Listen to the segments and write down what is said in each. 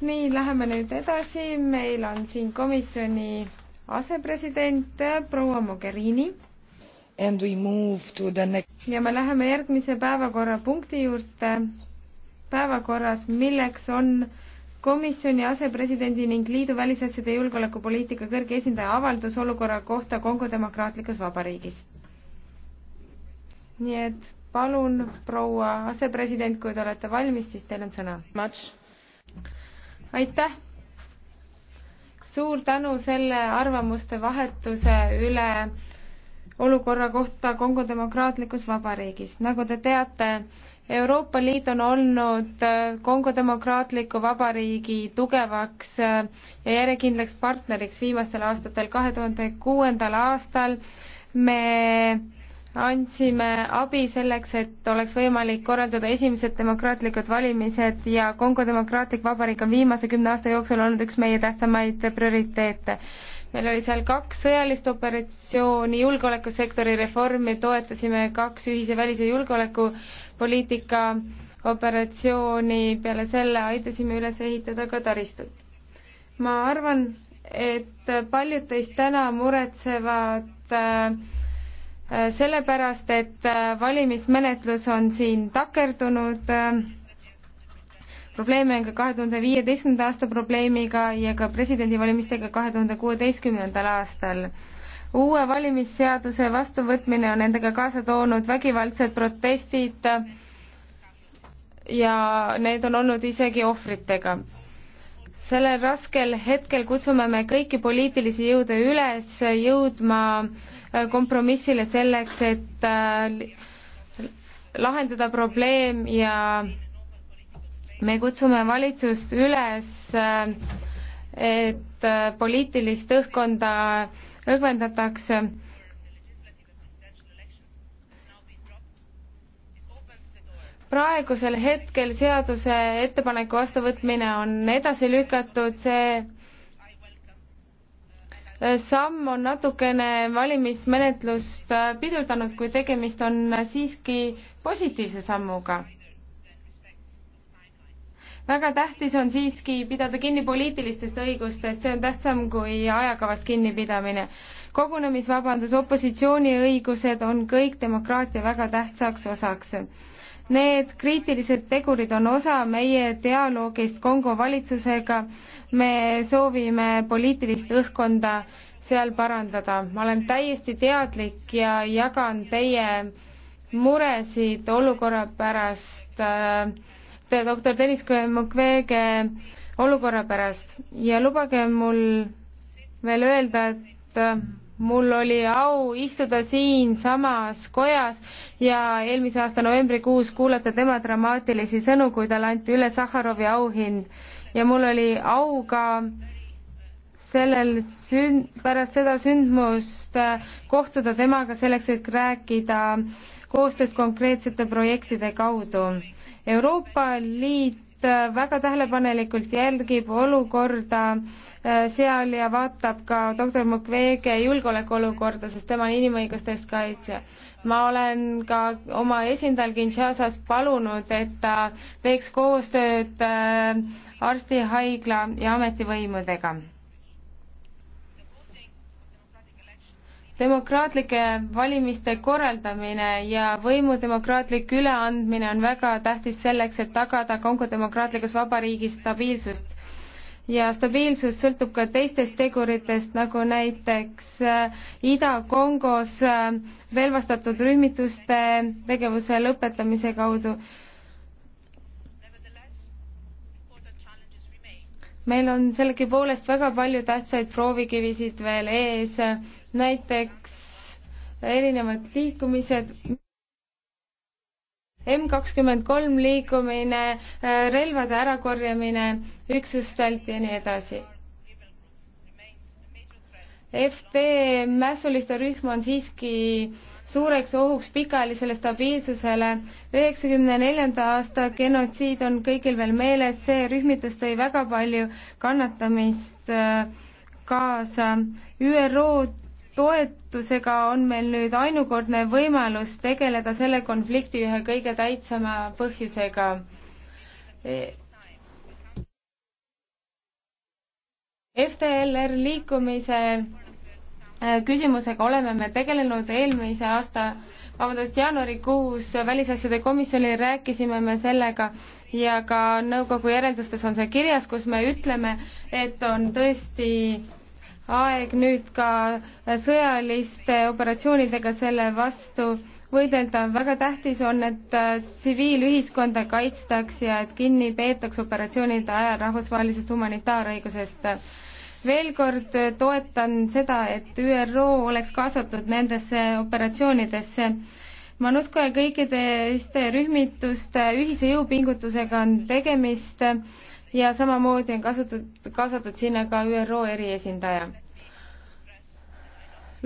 nii, läheme nüüd edasi, meil on siin komisjoni asepresident proua Mogherini. ja me läheme järgmise päevakorrapunkti juurde päevakorras, milleks on komisjoni asepresidendi ning liidu välisasjade julgeolekupoliitika kõrge esindaja avaldus olukorra kohta Kongo Demokraatlikus Vabariigis. nii et palun, proua asepresident, kui te olete valmis, siis teil on sõna aitäh! suur tänu selle arvamuste vahetuse üle olukorra kohta Kongo demokraatlikus vabariigis. nagu te teate, Euroopa Liit on olnud äh, Kongo demokraatliku vabariigi tugevaks äh, ja järjekindlaks partneriks viimastel aastatel. kahe tuhande kuuendal aastal me andsime abi selleks, et oleks võimalik korraldada esimesed demokraatlikud valimised ja Kongo Demokraatlik Vabariik on viimase kümne aasta jooksul olnud üks meie tähtsamaid prioriteete. meil oli seal kaks sõjalist operatsiooni, julgeolekusektori reformi toetasime, kaks ühise välis- ja julgeolekupoliitika operatsiooni, peale selle aitasime üles ehitada ka taristut. ma arvan, et paljud teist täna muretsevad äh, Äh, sellepärast, et äh, valimismenetlus on siin takerdunud. Äh, probleeme on ka kahe tuhande viieteistkümnenda aasta probleemiga ja ka presidendivalimistega kahe tuhande kuueteistkümnendal aastal uue valimisseaduse vastuvõtmine on endaga kaasa toonud vägivaldsed protestid ja need on olnud isegi ohvritega sellel raskel hetkel kutsume me kõiki poliitilisi jõude üles jõudma Äh, kompromissile selleks, et äh, lahendada probleem ja me kutsume valitsust üles, äh, et poliitilist õhkkonda õgvendatakse praegusel hetkel seaduse ettepaneku vastuvõtmine on edasi lükatud, see samm on natukene valimismenetlust äh, pidurdanud, kui tegemist on äh, siiski positiivse sammuga. väga tähtis on siiski pidada kinni poliitilistest õigustest, see on tähtsam kui ajakavast kinnipidamine. kogunemisvabandus, opositsiooni õigused on kõik demokraatia väga tähtsaks osaks Need kriitilised tegurid on osa meie dialoogist Kongo valitsusega. me soovime poliitilist õhkkonda seal parandada. ma olen täiesti teadlik ja jagan teie muresid olukorra pärast äh,, doktor Tõnis Mukwege olukorra pärast ja lubage mul veel öelda, et äh, mul oli au istuda siinsamas kojas ja eelmise aasta novembrikuus kuulata tema dramaatilisi sõnu, kui talle anti üle Sahharovi auhind. ja mul oli au ka sellel sünd-, pärast seda sündmust äh, kohtuda temaga selleks, et rääkida koostööst konkreetsete projektide kaudu. Euroopa Liit Äh, väga tähelepanelikult jälgib olukorda äh, seal ja vaatab ka doktor Mukwege julgeolekuolukorda, sest tema on inimõiguste eest kaitsja. ma olen ka oma esindajal Kinshasas palunud, et ta teeks koostööd äh, arstihaigla ja ametivõimudega demokraatlike valimiste korraldamine ja võimu demokraatlik üleandmine on väga tähtis selleks, et tagada Kongo demokraatlikus vabariigis stabiilsust. ja stabiilsus sõltub ka teistest teguritest, nagu näiteks äh, Ida-Kongos äh, relvastatud rühmituste tegevuse lõpetamise kaudu meil on sellegipoolest väga palju tähtsaid proovikivisid veel ees, näiteks erinevad liikumised. M kakskümmend kolm liikumine, relvade ärakorjamine üksustelt ja nii edasi FD mässuliste rühm on siiski suureks ohuks pikaajalisele stabiilsusele. üheksakümne neljanda aasta genotsiid on kõigil veel meeles, see rühmitus tõi väga palju kannatamist äh, kaasa. ÜRO toetusega on meil nüüd ainukordne võimalus tegeleda selle konflikti ühe kõige tähtsama põhjusega FDLR liikumise äh, küsimusega oleme me tegelenud eelmise aasta, vabandust, jaanuarikuus välisasjade komisjoni rääkisime me sellega ja ka nõukogu järeldustes on see kirjas, kus me ütleme, et on tõesti aeg nüüd ka sõjaliste operatsioonidega selle vastu võidelda. väga tähtis on, et äh, tsiviilühiskonda kaitstaks ja et kinni peetaks operatsioonide ajal rahvusvahelisest humanitaarõigusest veel kord toetan seda, et ÜRO oleks kaasatud nendesse operatsioonidesse. Monusco ja kõikide teiste rühmituste ühise jõupingutusega on tegemist ja samamoodi on kasutatud, kaasatud sinna ka ÜRO eriesindaja.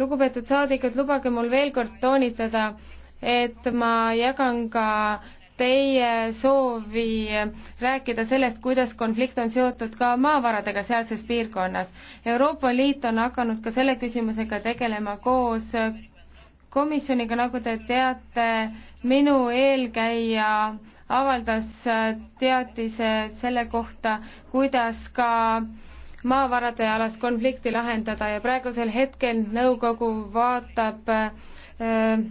lugupeetud saadikud, lubage mul veel kord toonitada, et ma jagan ka teie soovi rääkida sellest, kuidas konflikt on seotud ka maavaradega sealses piirkonnas. Euroopa Liit on hakanud ka selle küsimusega tegelema koos komisjoniga, nagu te teate, minu eelkäija avaldas teatise selle kohta, kuidas ka maavarade alast konflikti lahendada ja praegusel hetkel nõukogu vaatab öö, äh,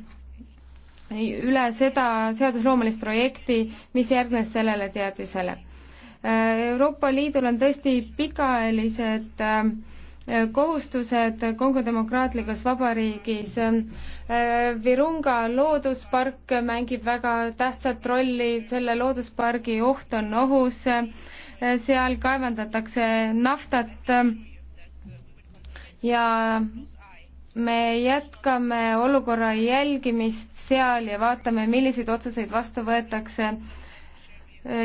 üle seda seadusloomelist projekti, mis järgnes sellele teadisele. Äh, Euroopa Liidul on tõesti pikaajalised äh, kohustused Kongo demokraatlikus vabariigis. Äh, Virunga looduspark mängib väga tähtsat rolli, selle looduspargi oht on ohus, seal kaevandatakse naftat ja me jätkame olukorra jälgimist seal ja vaatame, milliseid otsuseid vastu võetakse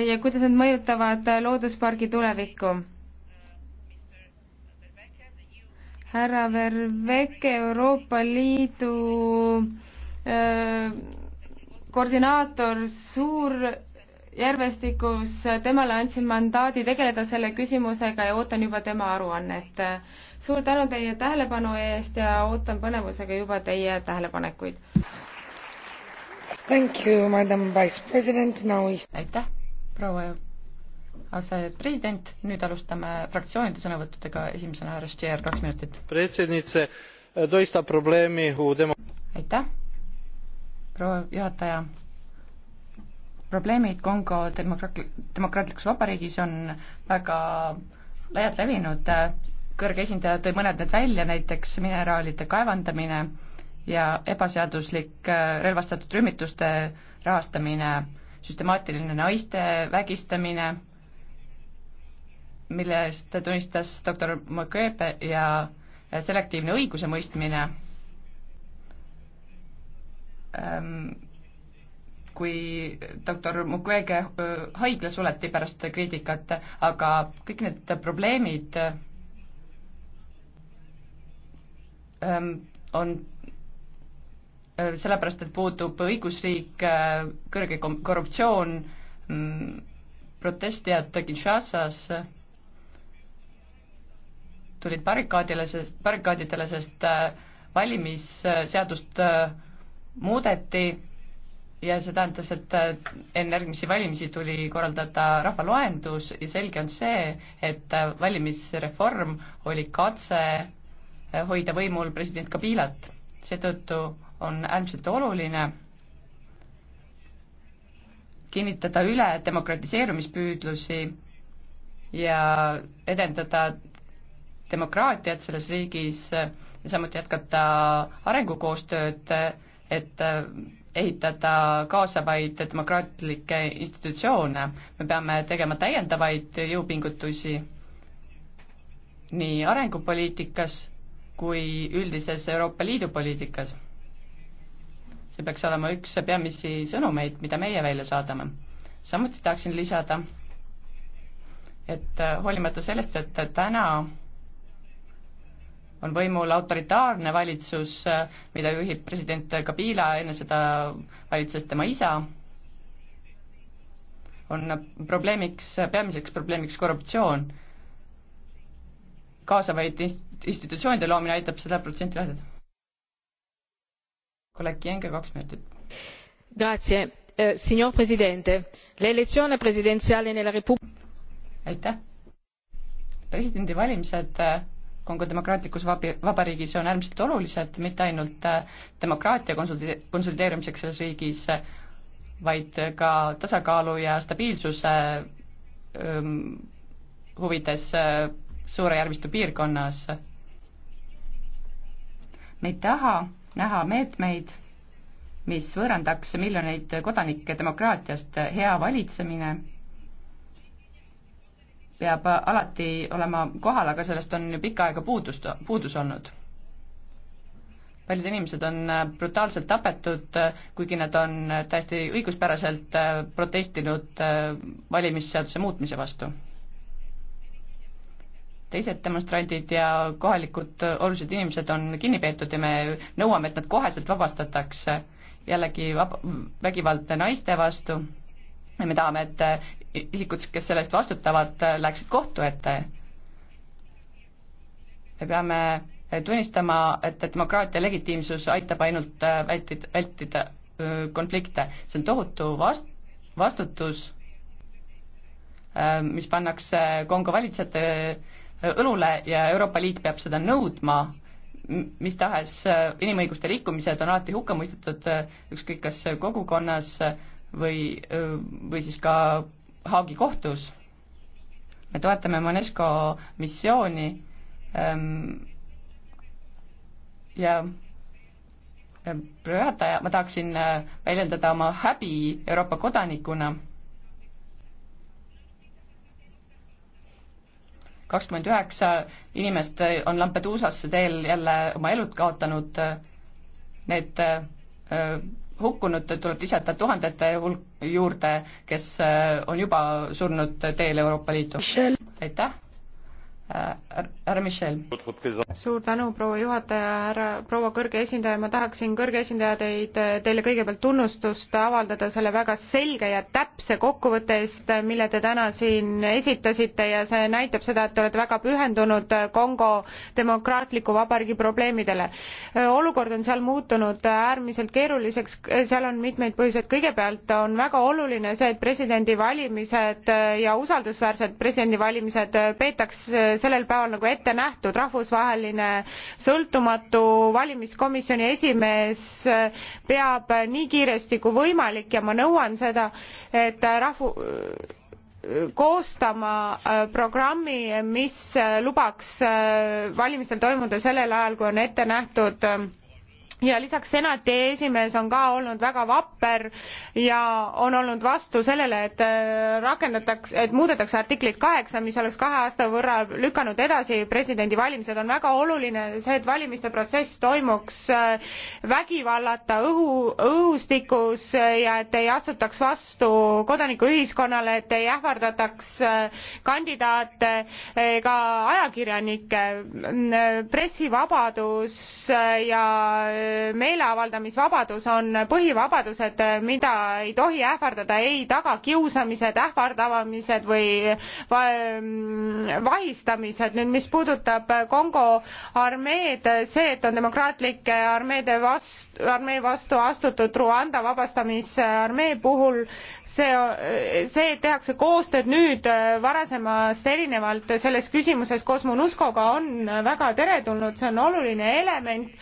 ja kuidas need mõjutavad looduspargi tulevikku. härra Verveke, Euroopa Liidu öö, äh, koordinaator Suurjärvestikus, temale andsin mandaadi tegeleda selle küsimusega ja ootan juba tema aruannet. suur tänu teie tähelepanu eest ja ootan põnevusega juba teie tähelepanekuid. Is... aitäh, proua asepresident, nüüd alustame fraktsioonide sõnavõttudega, esimesena härra Stier, kaks minutit. aitäh, proua juhataja. probleemid Kongo demokraatlik-, demokraatlikus vabariigis on väga laialt levinud, kõrge esindaja tõi mõned need välja, näiteks mineraalide kaevandamine ja ebaseaduslik äh, relvastatud rühmituste rahastamine, süstemaatiline naiste vägistamine, mille eest tunnistas doktor Mukwebe ja äh, selektiivne õigusemõistmine, ähm, kui doktor Mukwege äh, haigla suleti pärast kriitikat, aga kõik need probleemid ähm, on Äh, sellepärast, et puudub õigusriik, äh, kõrge korruptsioon, mm, protestijad Kinshasas tulid barrikaadile, sest, barrikaadidele, sest äh, valimisseadust muudeti ja see tähendas, et enne järgmisi valimisi tuli korraldada rahvaloendus ja selge on see, et valimisreform oli katse hoida võimul president Kabilat. seetõttu on äärmiselt oluline kinnitada üle demokratiseerumispüüdlusi ja edendada demokraatiat selles riigis ja samuti jätkata arengukoostööd, et ehitada kaasavaid demokraatlikke institutsioone. me peame tegema täiendavaid jõupingutusi nii arengupoliitikas kui üldises Euroopa Liidu poliitikas see peaks olema üks peamisi sõnumeid, mida meie välja saadame. samuti tahaksin lisada, et äh, hoolimata sellest, et täna on võimul autoritaarne valitsus, äh, mida juhib president Kabila, enne seda valitses tema isa, on probleemiks, peamiseks probleemiks korruptsioon. kaasavaid institutsioonide loomine aitab seda protsenti lahendada kolleeg Kienge, kaks minutit. Grazie, eh, signor presidente, l'elezione presidenziale nella repub-. aitäh. presidendivalimised eh, Kongo demokraatlikus vabi-, vabariigis on äärmiselt olulised mitte ainult eh, demokraatia konsolide-, konsolideerimiseks selles riigis, vaid ka tasakaalu ja stabiilsuse ähm, huvides äh, Suure järvistu piirkonnas. me ei taha näha meetmeid, mis võõrandaks miljoneid kodanikke demokraatiast, hea valitsemine peab alati olema kohal, aga sellest on ju pikka aega puudust, puudus olnud. paljud inimesed on brutaalselt tapetud, kuigi nad on täiesti õiguspäraselt protestinud valimisseaduse muutmise vastu teised demonstrandid ja kohalikud olulised inimesed on kinni peetud ja me nõuame, et nad koheselt vabastatakse jällegi vab-, vägivaldne naiste vastu ja me tahame, et isikud, kes selle eest vastutavad, läheksid kohtu ette. me peame tunnistama, et demokraatia legitiimsus aitab ainult vältida, vältida konflikte, see on tohutu vast-, vastutus, mis pannakse Kongo valitsejate õlule ja Euroopa Liit peab seda nõudma, mis tahes äh, inimõiguste rikkumised on alati hukka mõistetud, äh, ükskõik kas kogukonnas või, äh, või siis ka Haagi kohtus. me toetame Monesco missiooni ähm, ja juhataja, ma tahaksin väljendada oma häbi Euroopa kodanikuna kakskümmend üheksa inimest on Lampeduusasse teel jälle oma elud kaotanud, need äh, hukkunud tuleb lisada tuhandete hulk juurde, kes äh, on juba surnud teel Euroopa Liitu. aitäh! Äh, härra Michel. suur tänu, proua juhataja, härra, proua kõrge esindaja, ma tahaksin, kõrge esindaja, teid, teile kõigepealt tunnustust avaldada selle väga selge ja täpse kokkuvõtte eest, mille te täna siin esitasite ja see näitab seda, et te olete väga pühendunud Kongo demokraatliku vabariigi probleemidele. olukord on seal muutunud äärmiselt keeruliseks, seal on mitmeid põhjuseid, kõigepealt on väga oluline see, et presidendivalimised ja usaldusväärsed presidendivalimised peetakse sellel päeval nagu ette nähtud, rahvusvaheline sõltumatu valimiskomisjoni esimees peab nii kiiresti kui võimalik ja ma nõuan seda, et rahvu-, koostama äh, programmi, mis äh, lubaks äh, valimistel toimuda sellel ajal, kui on ette nähtud ja lisaks senati esimees on ka olnud väga vapper ja on olnud vastu sellele, et äh, rakendataks, et muudetakse artiklit kaheksa, mis oleks kahe aasta võrra lükanud edasi presidendivalimised, on väga oluline see, et valimiste protsess toimuks äh, vägivallata õhu, õhustikus äh, ja et ei astutaks vastu kodanikuühiskonnale, et ei ähvardataks kandidaate ega ajakirjanikke. pressivabadus ja meeleavaldamisvabadus on põhivabadused, mida ei tohi ähvardada ei tagakiusamised, ähvardamised või vahistamised. nüüd, mis puudutab Kongo armeed, see, et on demokraatlike armeede vastu, armee vastu astutud Rwanda vabastamisarmee puhul, see, see, et tehakse koostööd nüüd varasemast erinevalt selles küsimuses koos MONUSCO-ga on väga teretulnud, see on oluline element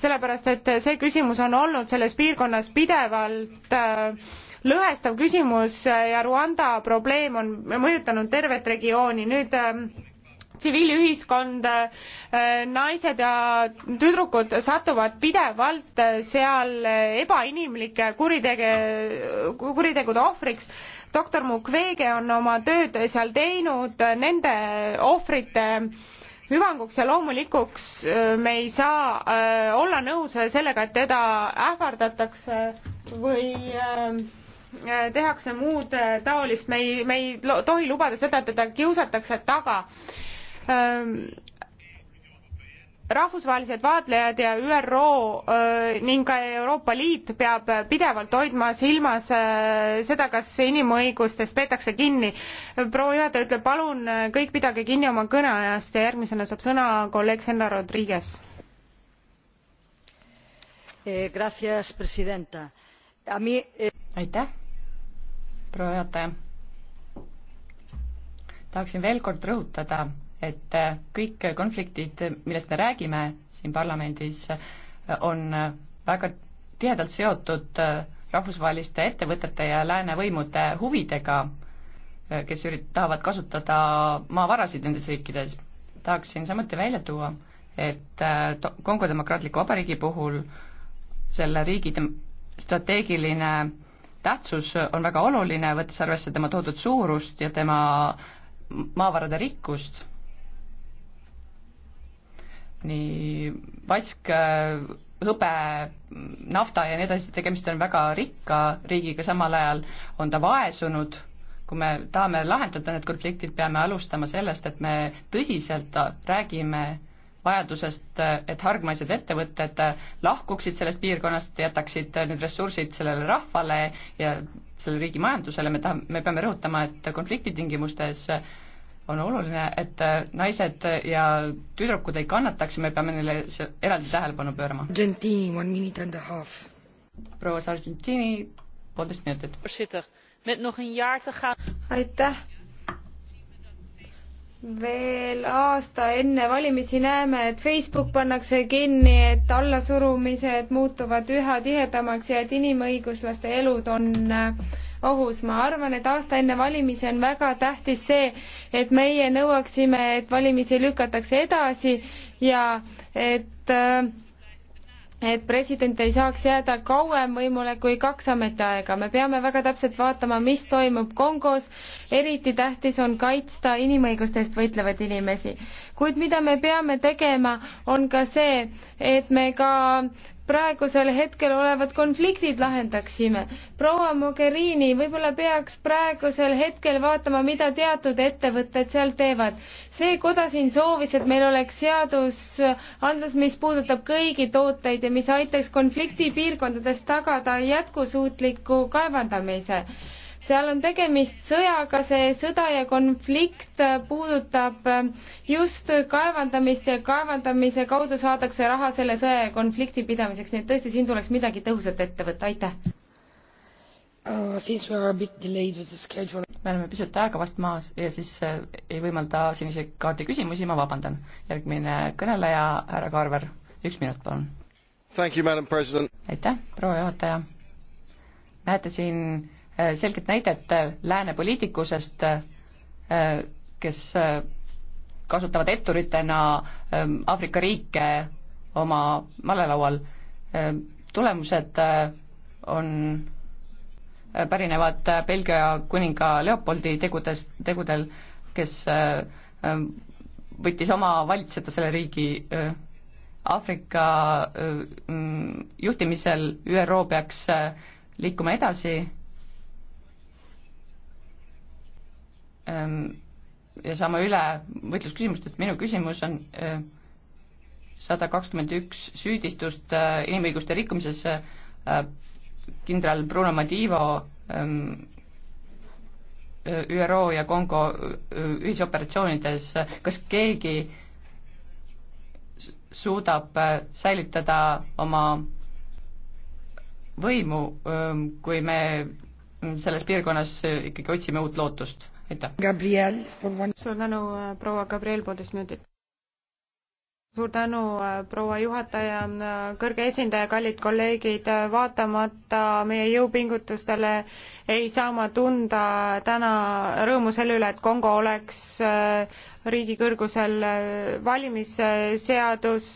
sellepärast et see küsimus on olnud selles piirkonnas pidevalt äh, lõhestav küsimus ja Rwanda probleem on mõjutanud tervet regiooni. nüüd äh, tsiviilühiskond, äh, naised ja tüdrukud satuvad pidevalt seal ebainimlike kuritege-, kuritegude ohvriks. doktor Mukwege on oma tööd seal teinud nende ohvrite hüvanguks ja loomulikuks me ei saa olla nõus sellega, et teda ähvardatakse või tehakse muud taolist, me ei, me ei tohi lubada seda, et teda kiusatakse taga rahvusvahelised vaatlejad ja ÜRO ning ka Euroopa Liit peab pidevalt hoidma silmas seda, kas inimõigustest peetakse kinni. proua juhataja ütleb, palun kõik pidage kinni oma kõneajast ja järgmisena saab sõna kolleeg Senna Rodriguez. Eh, eh, aitäh, proua juhataja. tahaksin veel kord rõhutada et äh, kõik konfliktid, millest me räägime siin parlamendis, äh, on äh, väga tihedalt seotud rahvusvaheliste ettevõtete ja lääne võimude huvidega, kes ürit-, tahavad kasutada maavarasid nendes riikides. tahaksin samuti välja tuua, et Kongo Demokraatliku Vabariigi puhul selle riigi strateegiline tähtsus on väga oluline, võttes arvesse tema toodud suurust ja tema maavarade rikkust nii vask, hõbe, nafta ja nii edasi, tegemist on väga rikka riigiga, samal ajal on ta vaesunud, kui me tahame lahendada need konfliktid, peame alustama sellest, et me tõsiselt räägime vajadusest, et hargmaised ettevõtted lahkuksid sellest piirkonnast, jätaksid need ressursid sellele rahvale ja selle riigi majandusele, me tahame, me peame rõhutama, et konflikti tingimustes on oluline, et äh, naised ja tüdrukud ei kannataks ja me peame neile eraldi tähelepanu pöörama. Argentiini, one minute and a half. proua Sargentini, poolteist minutit. aitäh veel aasta enne valimisi näeme, et Facebook pannakse kinni, et allasurumised muutuvad üha tihedamaks ja et inimõiguslaste elud on äh, ohus. ma arvan, et aasta enne valimisi on väga tähtis see, et meie nõuaksime, et valimisi lükatakse edasi ja et äh, et president ei saaks jääda kauem võimule kui kaks ametiaega. me peame väga täpselt vaatama, mis toimub Kongos. eriti tähtis on kaitsta inimõiguste eest võitlevaid inimesi. kuid mida me peame tegema, on ka see, et me ka praegusel hetkel olevad konfliktid lahendaksime. proua Mogherini, võib-olla peaks praegusel hetkel vaatama, mida teatud ettevõtted seal teevad. see koda siin soovis, et meil oleks seadusandlus, mis puudutab kõigi tooteid ja mis aitaks konfliktipiirkondades tagada jätkusuutliku kaevandamise seal on tegemist sõjaga, see sõda ja konflikt puudutab just kaevandamist ja kaevandamise kaudu saadakse raha selle sõja ja konflikti pidamiseks, nii et tõesti siin tuleks midagi tõhusat ette võtta, aitäh uh,. me oleme pisut aega vast maas ja siis eh, ei võimalda sinise kaardi küsimusi, ma vabandan. järgmine kõneleja, härra Kaarver, üks minut, palun. aitäh, proua juhataja. näete siin selget näidet lääne poliitikusest, kes kasutavad etturitena ähm, Aafrika riike oma malelaual. Ähm, tulemused äh, on, äh, pärinevad äh, Belgia kuninga Leopoldi tegudest, tegudel, kes ähm, võttis oma valitseda selle riigi Aafrika mm, juhtimisel ÜRO peaks liikuma edasi Ehm, ja saama üle võitlusküsimustest, minu küsimus on ehm, sada kakskümmend üks süüdistust ehm, inimõiguste rikkumises kindral Bruno Madivo ÜRO ja Kongo ühisoperatsioonides, kas keegi suudab säilitada oma võimu, kui me mm, selles piirkonnas ikkagi otsime uut lootust? aitäh. suur tänu, äh, proua Gabriel, poolteist minutit suur tänu, äh, proua juhataja, äh, kõrge esindaja, kallid kolleegid, äh, vaatamata meie jõupingutustele ei saa ma tunda täna rõõmu selle üle, et Kongo oleks riigi kõrgusel valimisseadus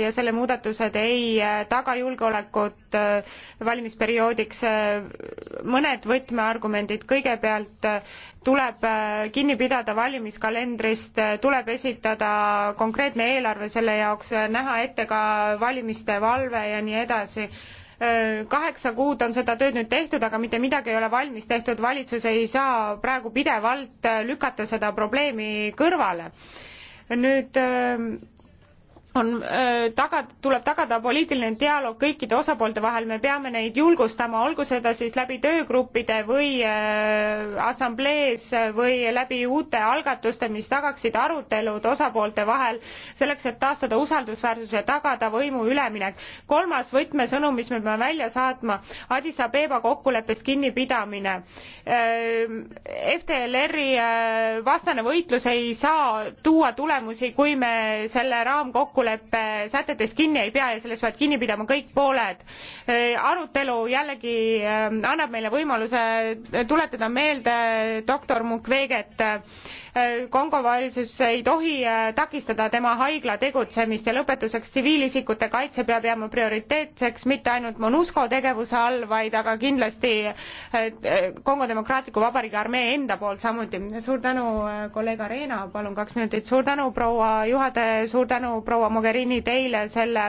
ja selle muudatused ei taga julgeolekut valimisperioodiks. mõned võtmeargumendid, kõigepealt tuleb kinni pidada valimiskalendrist, tuleb esitada konkreetne eelarve, eelarve selle jaoks, näha ette ka valimiste valve ja nii edasi kaheksa kuud on seda tööd nüüd tehtud, aga mitte midagi ei ole valmis tehtud, valitsus ei saa praegu pidevalt lükata seda probleemi kõrvale. nüüd on taga, tuleb tagada poliitiline dialoog kõikide osapoolte vahel, me peame neid julgustama, olgu seda siis läbi töögruppide või assamblees või läbi uute algatuste, mis tagaksid arutelud osapoolte vahel, selleks et taastada usaldusväärsus ja tagada võimu üleminek. kolmas võtmesõnum, mis me peame välja saatma, Addis Abeba kokkuleppest kinnipidamine. FDLR-i vastane võitlus ei saa tuua tulemusi, kui me selle raamkokkuleppe kokkuleppe sätetest kinni ei pea ja sellest peavad kinni pidama kõik pooled. Äh, arutelu jällegi äh, annab meile võimaluse tuletada meelde doktor Mukweget äh, Kongo valitsus ei tohi äh, takistada tema haigla tegutsemist ja lõpetuseks tsiviilisikute kaitse peab jääma prioriteetseks mitte ainult MONUSCO tegevuse all, vaid aga kindlasti äh, äh, Kongo Demokraatliku Vabariigi armee enda poolt samuti. suur tänu, kolleeg Arena, palun kaks minutit. suur tänu, proua juhataja, suur tänu, proua Mogherini, teile selle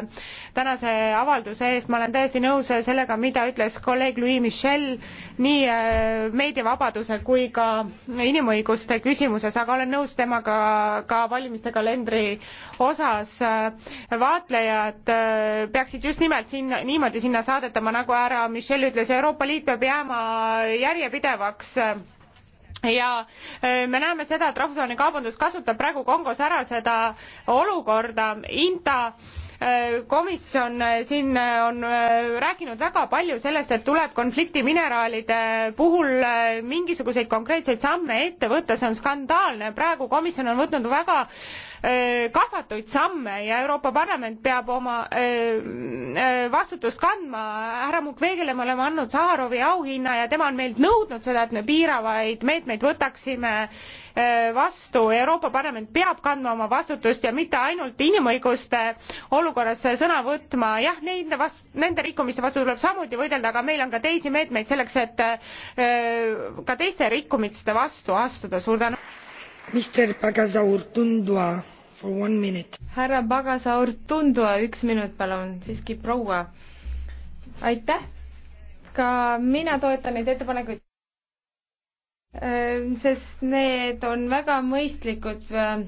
tänase avalduse eest. ma olen täiesti nõus sellega, mida ütles kolleeg Louis Michel nii meediavabaduse kui ka inimõiguste küsimuses küsimus, aga olen nõus temaga ka valimiste kalendri osas. vaatlejad äh, peaksid just nimelt sinna, niimoodi sinna saadetama, nagu härra Michel ütles, Euroopa Liit peab jääma järjepidevaks ja äh, me näeme seda, et rahvusvaheline kaubandus kasutab praegu Kongos ära seda olukorda, INTA Äh, komisjon äh, siin äh, on rääkinud väga palju sellest, et tuleb konfliktimineraalide puhul mingisuguseid konkreetseid samme ette võtta, see on skandaalne, praegu komisjon on võtnud väga kahvatuid samme ja Euroopa Parlament peab oma vastutust kandma. härra Mukwegele me oleme andnud Saharovi auhinna ja tema on meilt nõudnud seda, et me piiravaid meetmeid võtaksime Äh, vastu. Euroopa Parlament peab kandma oma vastutust ja mitte ainult inimõiguste olukorras sõna võtma. jah, neid vastu, nende rikkumiste vastu tuleb samuti võidelda, aga meil on ka teisi meetmeid selleks, et äh, ka teiste rikkumiste vastu astuda. suur tänu. Mr Pagasaur Tundua for one minute. härra Pagasaur Tundua, üks minut palun, siiski proua. aitäh, ka mina toetan neid ettepanekuid Äh, sest need on väga mõistlikud äh,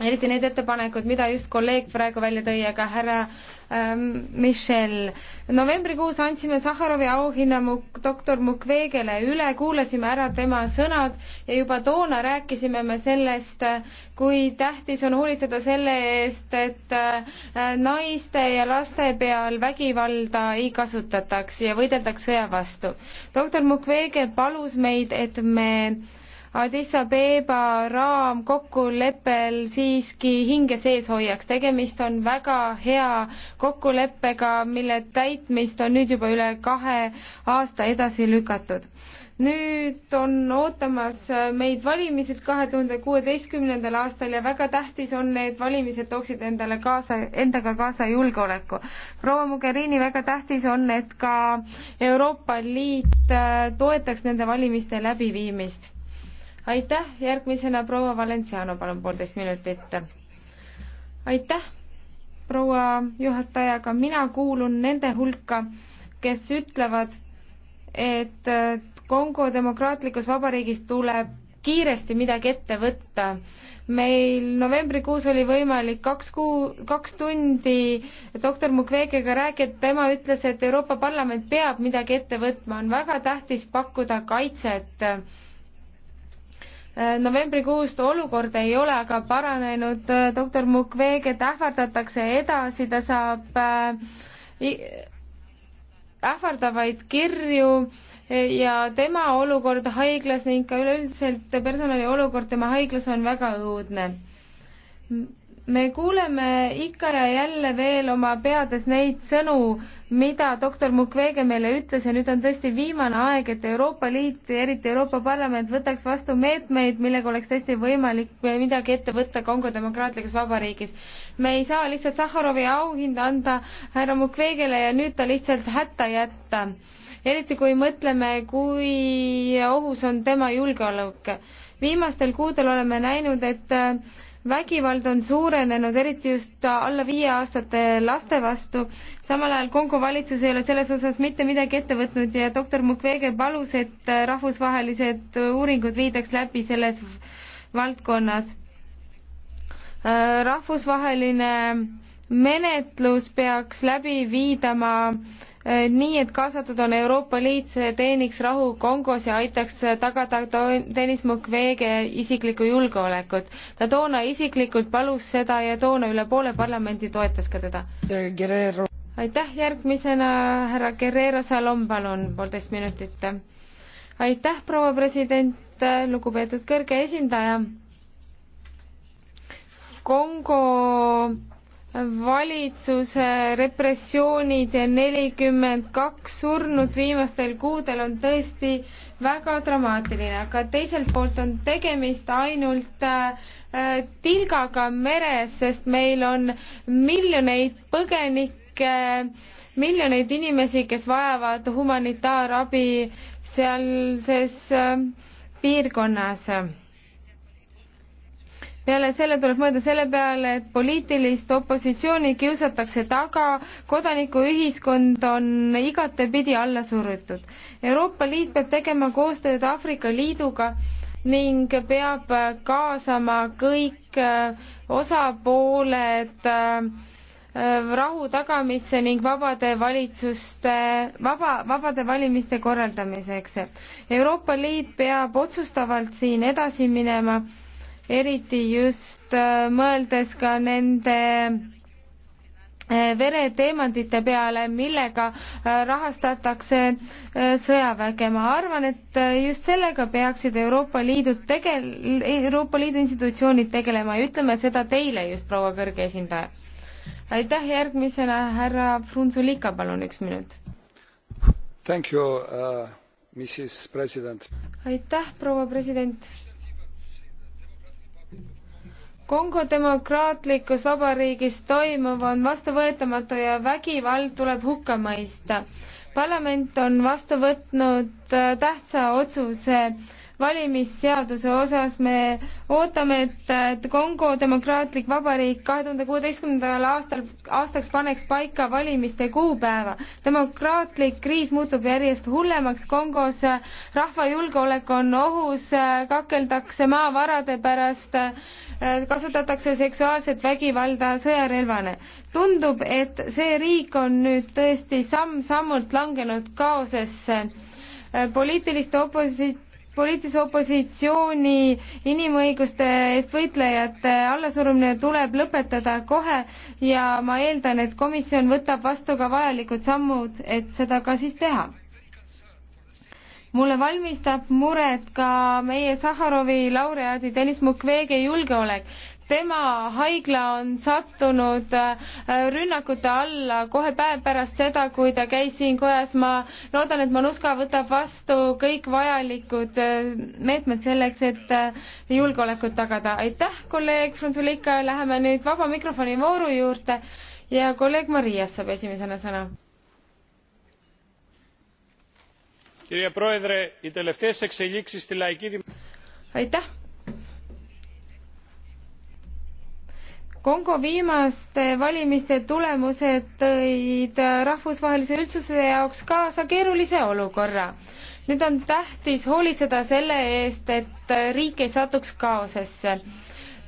eriti need ettepanekud, mida just kolleeg praegu välja tõi, aga härra ähm, Michel, novembrikuus andsime Sahharovi auhinna Muk-, doktor Mukwegele üle, kuulasime ära tema sõnad ja juba toona rääkisime me sellest, kui tähtis on hoolitseda selle eest, et äh, naiste ja laste peal vägivalda ei kasutataks ja võideldaks sõja vastu. doktor Mukwege palus meid, et me äh, Addis Abeba raamkokkuleppel siiski hinge sees hoiaks. tegemist on väga hea kokkuleppega, mille täitmist on nüüd juba üle kahe aasta edasi lükatud. nüüd on ootamas meid valimised kahe tuhande kuueteistkümnendal aastal ja väga tähtis on, need valimised tooksid endale kaasa, endaga kaasa julgeoleku. proua Mogherini, väga tähtis on, et ka Euroopa Liit äh, toetaks nende valimiste läbiviimist aitäh, järgmisena proua Valenciano, palun poolteist minutit. aitäh, proua juhataja, ka mina kuulun nende hulka, kes ütlevad, et Kongo demokraatlikus vabariigis tuleb kiiresti midagi ette võtta. meil novembrikuus oli võimalik kaks kuu, kaks tundi doktor Mukwegega rääkida, tema ütles, et Euroopa Parlament peab midagi ette võtma, on väga tähtis pakkuda kaitset äh, Äh, novembrikuust olukord ei ole aga paranenud, äh, doktor Mukweget ähvardatakse edasi, ta saab äh, ähvardavaid kirju ja tema olukord haiglas ning ka üleüldiselt personali olukord tema haiglas on väga õudne me kuuleme ikka ja jälle veel oma peades neid sõnu, mida doktor Mukwege meile ütles ja nüüd on tõesti viimane aeg, et Euroopa Liit, eriti Euroopa Parlament võtaks vastu meetmeid, millega oleks tõesti võimalik midagi ette võtta Kongo demokraatlikus vabariigis. me ei saa lihtsalt Sahharovi auhinda anda härra Mukwegele ja nüüd ta lihtsalt hätta jätta. eriti kui mõtleme, kui ohus on tema julgeolek. viimastel kuudel oleme näinud, et vägivald on suurenenud, eriti just alla viieaastaste laste vastu. samal ajal Kongo valitsus ei ole selles osas mitte midagi ette võtnud ja doktor Mukwege palus, et rahvusvahelised uuringud viidaks läbi selles valdkonnas. rahvusvaheline menetlus peaks läbi viidama äh, Eh, nii, et kaasatud on Euroopa Liit, see teeniks rahu Kongos ja aitaks tagada Deniss Mukwege isiklikku julgeolekut. ta toona isiklikult palus seda ja toona üle poole parlamendi toetas ka teda. aitäh, järgmisena härra Guerrero Salom, palun, poolteist minutit. aitäh, proua president, lugupeetud kõrge esindaja. Kongo valitsuse repressioonid ja nelikümmend kaks surnut viimastel kuudel on tõesti väga dramaatiline, aga teiselt poolt on tegemist ainult äh, tilgaga meres, sest meil on miljoneid põgenikke, miljoneid inimesi, kes vajavad humanitaarabi sealses äh, piirkonnas peale selle tuleb mõelda selle peale, et poliitilist opositsiooni kiusatakse taga, kodanikuühiskond on igatepidi alla surutud. Euroopa Liit peab tegema koostööd Aafrika Liiduga ning peab kaasama kõik äh, osapooled äh, rahu tagamisse ning vabade valitsuste, vaba, vabade valimiste korraldamiseks. Euroopa Liit peab otsustavalt siin edasi minema eriti just äh, mõeldes ka nende äh, vereteemantide peale, millega äh, rahastatakse sõjaväge. ma arvan, et just sellega peaksid Euroopa Liidud tegel-, Euroopa Liidu institutsioonid tegelema ja ütleme seda teile just, proua kõrge esindaja. aitäh, järgmisena härra Frunzulika, palun üks minut. Thank you uh,, Mrs President. aitäh, proua president Kongo demokraatlikus vabariigis toimuv on vastuvõetamatu ja vägivald tuleb hukka mõista. parlament on vastu võtnud äh, tähtsa otsuse valimisseaduse osas me ootame, et, et Kongo Demokraatlik Vabariik kahe tuhande kuueteistkümnendal aastal, aastaks paneks paika valimiste kuupäeva. demokraatlik kriis muutub järjest hullemaks Kongos, rahva julgeolek on ohus, kakeldakse maavarade pärast, kasutatakse seksuaalset vägivalda sõjarelvana. tundub, et see riik on nüüd tõesti samm-sammult langenud kaosesse poliitiliste oposit-, poliitilise opositsiooni inimõiguste eest võitlejate allasurumine tuleb lõpetada kohe ja ma eeldan, et komisjon võtab vastu ka vajalikud sammud, et seda ka siis teha. mulle valmistab muret ka meie Saharovi laureaadi Deniss Mukwege julgeolek tema haigla on sattunud äh, rünnakute alla kohe päev pärast seda, kui ta käis siin kojas. ma loodan, et Manuska võtab vastu kõik vajalikud äh, meetmed selleks, et äh, julgeolekut tagada. aitäh, kolleeg Frunzulika, läheme nüüd vaba mikrofoni vooru juurde ja kolleeg Marias saab esimesena sõna. aitäh Kongo viimaste valimiste tulemused tõid rahvusvahelise üldsuse jaoks kaasa keerulise olukorra. nüüd on tähtis hoolitseda selle eest, et riik ei satuks kaosesse.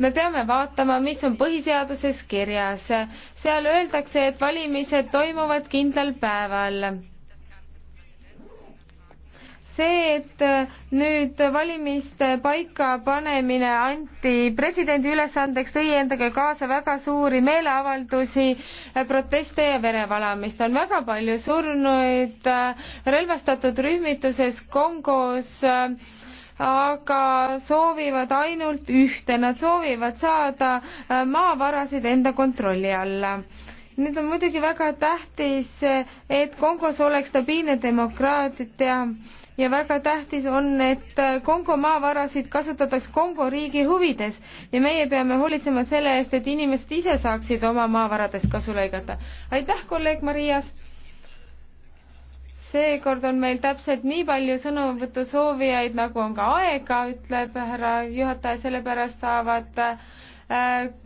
me peame vaatama, mis on põhiseaduses kirjas. seal öeldakse, et valimised toimuvad kindlal päeval see, et äh, nüüd valimiste paikapanemine anti presidendi ülesandeks, tõi endaga kaasa väga suuri meeleavaldusi, äh, proteste ja verevalamist. on väga palju surnuid äh, relvastatud rühmituses Kongos, aga soovivad ainult ühte, nad soovivad saada maavarasid enda kontrolli alla nüüd on muidugi väga tähtis, et Kongos oleks stabiilne demokraatia ja väga tähtis on, et Kongo maavarasid kasutataks Kongo riigi huvides ja meie peame hoolitsema selle eest, et inimesed ise saaksid oma maavaradest kasu lõigata. aitäh, kolleeg Marias! seekord on meil täpselt nii palju sõnavõtusoovijaid, nagu on ka aega, ütleb härra juhataja, sellepärast saavad äh,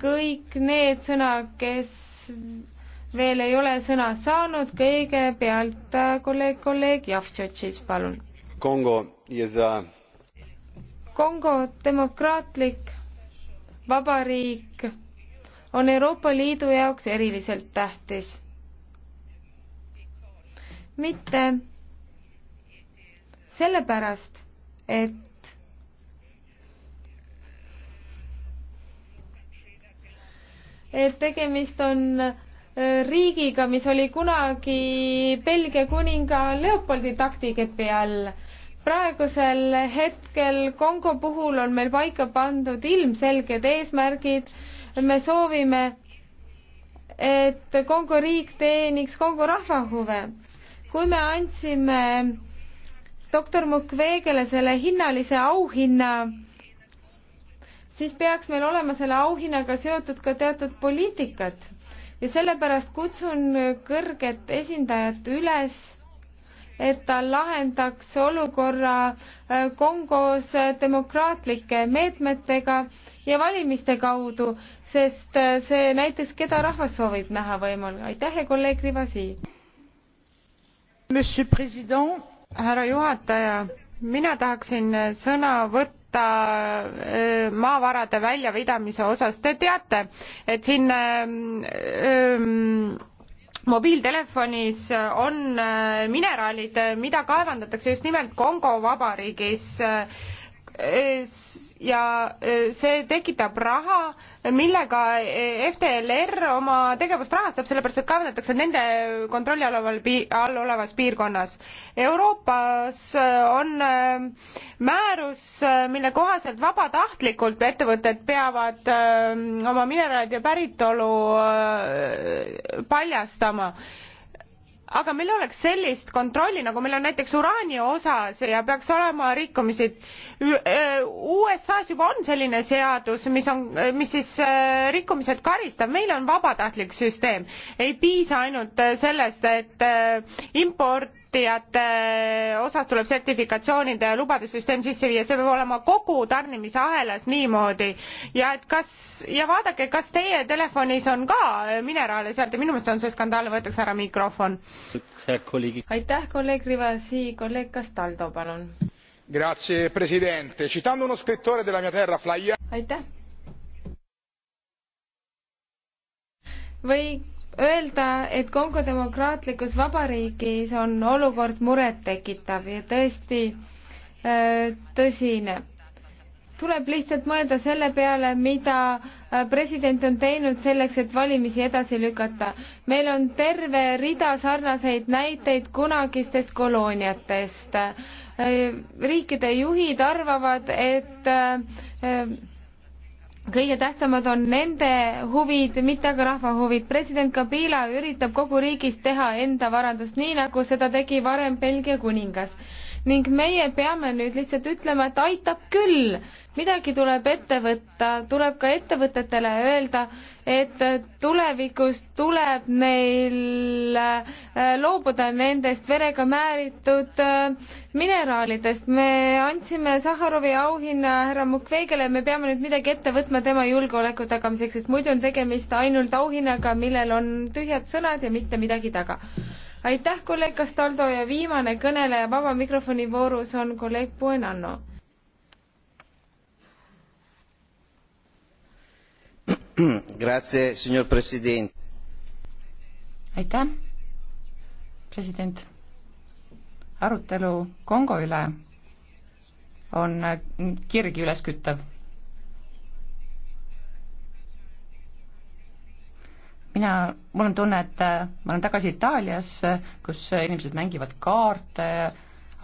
kõik need sõna, kes veel ei ole sõna saanud, kõigepealt äh, kolleeg, kolleeg Javtšotšis, palun Kongo je za. Kongo demokraatlik vabariik on Euroopa Liidu jaoks eriliselt tähtis. mitte sellepärast, et et tegemist on riigiga, mis oli kunagi Belgia kuninga Leopoldi taktikepi all. praegusel hetkel Kongo puhul on meil paika pandud ilmselged eesmärgid. me soovime, et Kongo riik teeniks Kongo rahva huve. kui me andsime doktor Mukwegele selle hinnalise auhinna, siis peaks meil olema selle auhinnaga seotud ka teatud poliitikad ja sellepärast kutsun kõrget esindajat üles, et ta lahendaks olukorra äh, Kongos demokraatlike meetmetega ja valimiste kaudu, sest äh, see näiteks, keda rahvas soovib näha võimul. aitäh ja kolleeg Rivasi. härra juhataja, mina tahaksin äh, sõna võtta kohta maavarade väljavidamise osas. Te teate, et siin öö, mobiiltelefonis on mineraalid, mida kaevandatakse just nimelt Kongo Vabariigis ja e, see tekitab raha, millega e, FDLR oma tegevust rahastab, sellepärast et kaevandatakse nende kontrolli all oleval pi-, all olevas piirkonnas. Euroopas e, on määrus, mille kohaselt vabatahtlikult ettevõtted peavad oma mineraalide päritolu paljastama aga meil oleks sellist kontrolli, nagu meil on näiteks uraani osas ja peaks olema rikkumisi. Äh, USA-s juba on selline seadus, mis on, mis siis äh, rikkumised karistab, meil on vabatahtlik süsteem. ei piisa ainult äh, sellest, et importijate osas tuleb sertifikatsioonide ja lubade süsteem sisse viia, see peab olema kogu tarnimisahelas niimoodi ja et kas ja vaadake, kas teie telefonis on ka mineraale sealt ja minu meelest on see skandaalne, võetakse ära mikrofon aitäh, kolleeg Rivasi, kolleeg Castaldo, palun. Grazie presidente, citando uno scrittore della mia terra, Flaia. aitäh. või öelda, et Kongo demokraatlikus vabariigis on olukord murettekitav ja tõesti äh, tõsine tuleb lihtsalt mõelda selle peale, mida äh, president on teinud selleks, et valimisi edasi lükata. meil on terve rida sarnaseid näiteid kunagistest kolooniatest. Äh, riikide juhid arvavad, et äh, kõige tähtsamad on nende huvid, mitte aga rahva huvid. president Kabila üritab kogu riigis teha enda varandust, nii nagu seda tegi varem Belgia kuningas ning meie peame nüüd lihtsalt ütlema, et aitab küll, midagi tuleb ette võtta, tuleb ka ettevõtetele öelda, et tulevikus tuleb neil äh, loobuda nendest verega määritud äh, mineraalidest. me andsime Sahharovi auhinna härra Mukwegele, me peame nüüd midagi ette võtma tema julgeoleku tagamiseks, sest muidu on tegemist ainult auhinnaga, millel on tühjad sõnad ja mitte midagi taga aitäh, kolleeg Castaldo ja viimane kõneleja vaba mikrofoni voorus on kolleeg Buenanno. aitäh, president. arutelu Kongo üle on kirgi ülesküttav mina, mul on tunne, et äh, ma olen tagasi Itaalias, äh, kus äh, inimesed mängivad kaarte,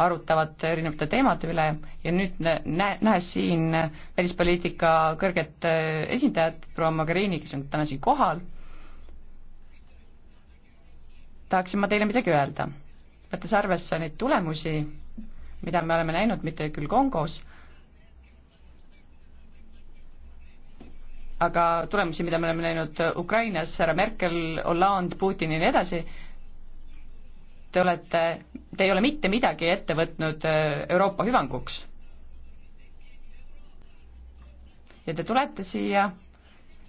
arutavad erinevate teemade üle ja nüüd nä-, nähes siin välispoliitika kõrget esindajat, proua Mogherini, kes on täna siin kohal, tahaksin ma teile midagi öelda. võttes arvesse neid tulemusi, mida me oleme näinud, mitte küll Kongos, aga tulemusi, mida me oleme näinud Ukrainas, härra Merkel, Hollande, Putin ja nii edasi, te olete, te ei ole mitte midagi ette võtnud äh, Euroopa hüvanguks. ja te tulete siia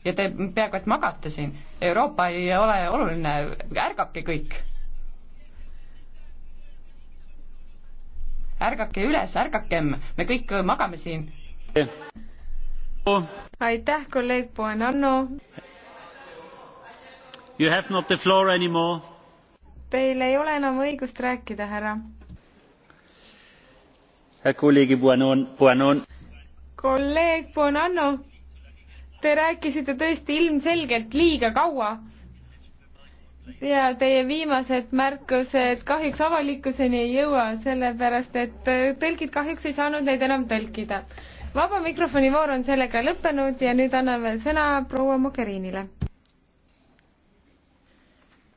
ja te peaaegu et magate siin. Euroopa ei ole oluline, ärgake kõik ärgake üles, ärgakem, me kõik magame siin aitäh, kolleeg Buonanno. You have not the floor anymore. Teil ei ole enam õigust rääkida, härra. kolleeg Buonan-. kolleeg Buonanno, te rääkisite tõesti ilmselgelt liiga kaua ja teie viimased märkused kahjuks avalikkuseni ei jõua, sellepärast et tõlgid kahjuks ei saanud neid enam tõlkida vaba mikrofoni voor on sellega lõppenud ja nüüd annan veel sõna proua Mogherinile.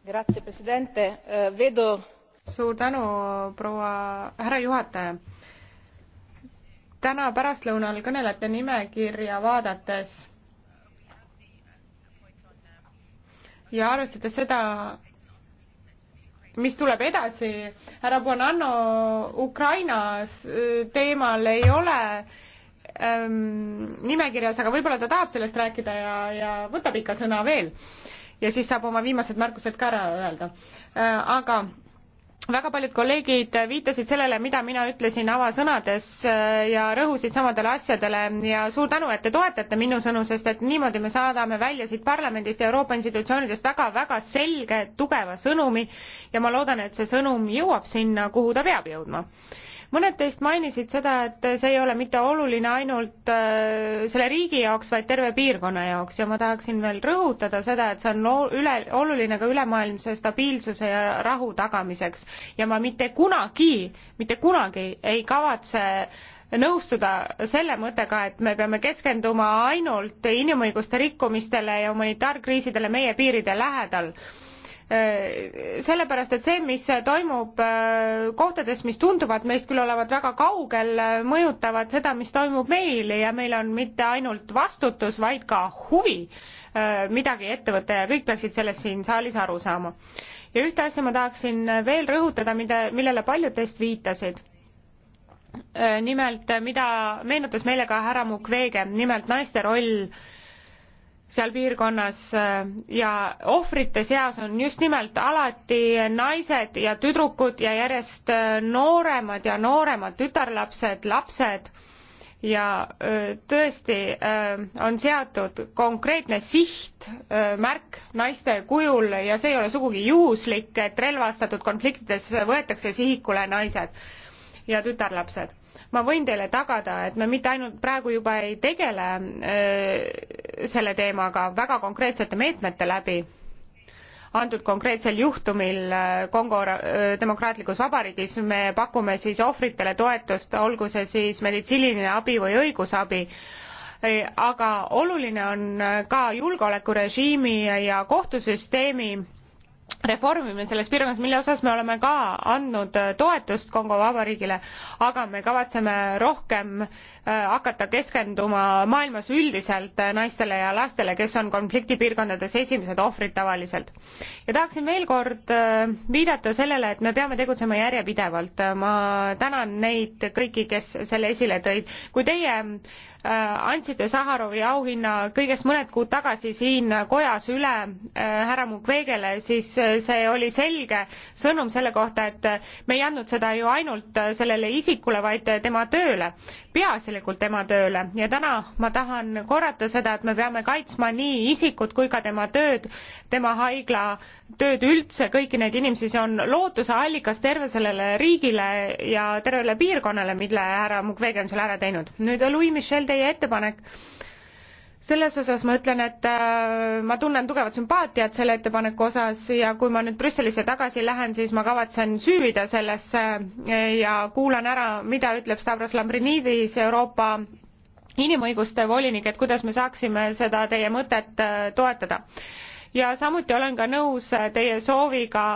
Eh, vedo... suur tänu, proua, härra juhataja. täna pärastlõunal kõnelejate nimekirja vaadates ja arvestades seda, mis tuleb edasi, härra Bonanno Ukrainas eh, teemal ei ole ähm, nimekirjas, aga võib-olla ta tahab sellest rääkida ja, ja võtab ikka sõna veel. ja siis saab oma viimased märkused ka ära öelda äh,. aga väga paljud kolleegid viitasid sellele, mida mina ütlesin avasõnades äh, ja rõhusid samadele asjadele ja suur tänu, et te toetate minu sõnu, sest et niimoodi me saadame välja siit parlamendist ja Euroopa institutsioonidest väga-väga selge, tugeva sõnumi ja ma loodan, et see sõnum jõuab sinna, kuhu ta peab jõudma mõned teist mainisid seda, et see ei ole mitte oluline ainult äh, selle riigi jaoks, vaid terve piirkonna jaoks ja ma tahaksin veel rõhutada seda, et see on üle, oluline ka ülemaailmse stabiilsuse ja rahu tagamiseks ja ma mitte kunagi, mitte kunagi ei kavatse nõustuda selle mõttega, et me peame keskenduma ainult inimõiguste rikkumistele ja humanitaarkriisidele meie piiride lähedal sellepärast, et see, mis toimub äh, kohtades, mis tunduvad meist küll olevat väga kaugel, äh, mõjutavad seda, mis toimub meil ja meil on mitte ainult vastutus, vaid ka huvi äh, midagi ette võtta ja kõik peaksid sellest siin saalis aru saama. ja ühte asja ma tahaksin veel rõhutada, mida, millele paljud teist viitasid nimelt, mida meenutas meile ka härra Mukwege, nimelt naiste roll seal piirkonnas äh, ja ohvrite seas on just nimelt alati naised ja tüdrukud ja järjest äh, nooremad ja nooremad tütarlapsed, lapsed ja äh, tõesti on seatud konkreetne sihtmärk naiste kujul ja see ei ole sugugi juhuslik, et relvastatud konfliktides võetakse sihikule naised ja tütarlapsed ma võin teile tagada, et me mitte ainult praegu juba ei tegele öö, äh, selle teemaga väga konkreetsete meetmete läbi, antud konkreetsel juhtumil äh, Kongo äh, demokraatlikus vabariigis me pakume siis ohvritele toetust, olgu see siis meditsiiniline abi või õigusabi, aga oluline on ka julgeolekurežiimi ja kohtusüsteemi reformimine selles piirkonnas, mille osas me oleme ka andnud toetust Kongo Vabariigile, aga me kavatseme rohkem Äh, hakata keskenduma maailmas üldiselt äh, naistele ja lastele, kes on konfliktipiirkondades esimesed ohvrid tavaliselt. ja tahaksin veel kord äh, viidata sellele, et me peame tegutsema järjepidevalt. ma tänan neid kõiki, kes selle esile tõid. kui teie andsite Saharovi auhinna kõigest mõned kuud tagasi siin kojas üle härra Mukwegele, siis see oli selge sõnum selle kohta, et me ei andnud seda ju ainult sellele isikule, vaid tema tööle. peaasjalikult täielikult tema tööle ja täna ma tahan korrata seda, et me peame kaitsma nii isikut kui ka tema tööd, tema haigla tööd üldse, kõiki neid inimesi, see on lootuse allikas terve sellele riigile ja tervele piirkonnale, mille härra Mukwege on seal ära teinud. nüüd Louis Michel, teie ettepanek selles osas ma ütlen, et äh, ma tunnen tugevat sümpaatiat selle ettepaneku osas ja kui ma nüüd Brüsselisse tagasi lähen, siis ma kavatsen süüvida sellesse äh, ja kuulan ära, mida ütleb Stavros Lambrinidis, Euroopa inimõiguste volinik, et kuidas me saaksime seda teie mõtet äh, toetada. ja samuti olen ka nõus teie sooviga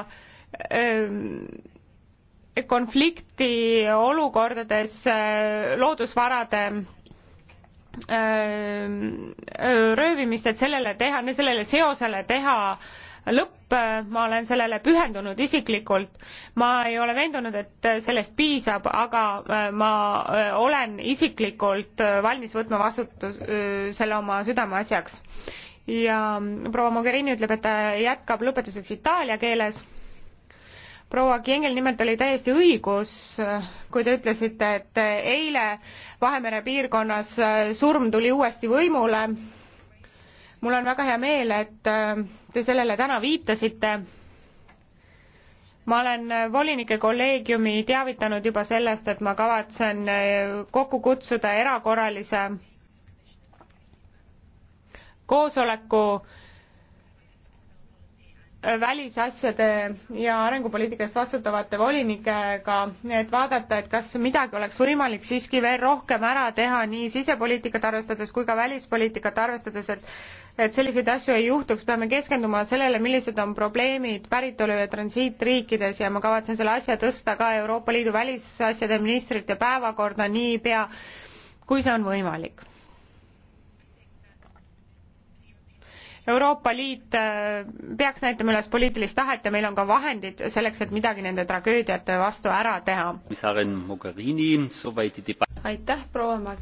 konflikti olukordades loodusvarade röövimist, et sellele teha, sellele seosele teha lõpp, ma olen sellele pühendunud isiklikult, ma ei ole veendunud, et sellest piisab, aga ma olen isiklikult valmis võtma vastutus selle oma südameasjaks. ja proua Mogherini ütleb, et ta jätkab lõpetuseks itaalia keeles proua Kiengel nimelt oli täiesti õigus, kui te ütlesite, et eile Vahemere piirkonnas surm tuli uuesti võimule. mul on väga hea meel, et te sellele täna viitasite. ma olen volinike kolleegiumi teavitanud juba sellest, et ma kavatsen kokku kutsuda erakorralise koosoleku välisasjade ja arengupoliitikast vastutavate volinikega, et vaadata, et kas midagi oleks võimalik siiski veel rohkem ära teha nii sisepoliitikat arvestades kui ka välispoliitikat arvestades, et et selliseid asju ei juhtuks, peame keskenduma sellele, millised on probleemid päritolu- ja transiitriikides ja ma kavatsen selle asja tõsta ka Euroopa Liidu välisasjade ministrite päevakorda niipea, kui see on võimalik Euroopa Liit äh, peaks näitama üles poliitilist tahet ja meil on ka vahendid selleks, et midagi nende tragöödiate vastu ära teha. aitäh, proua Mag-.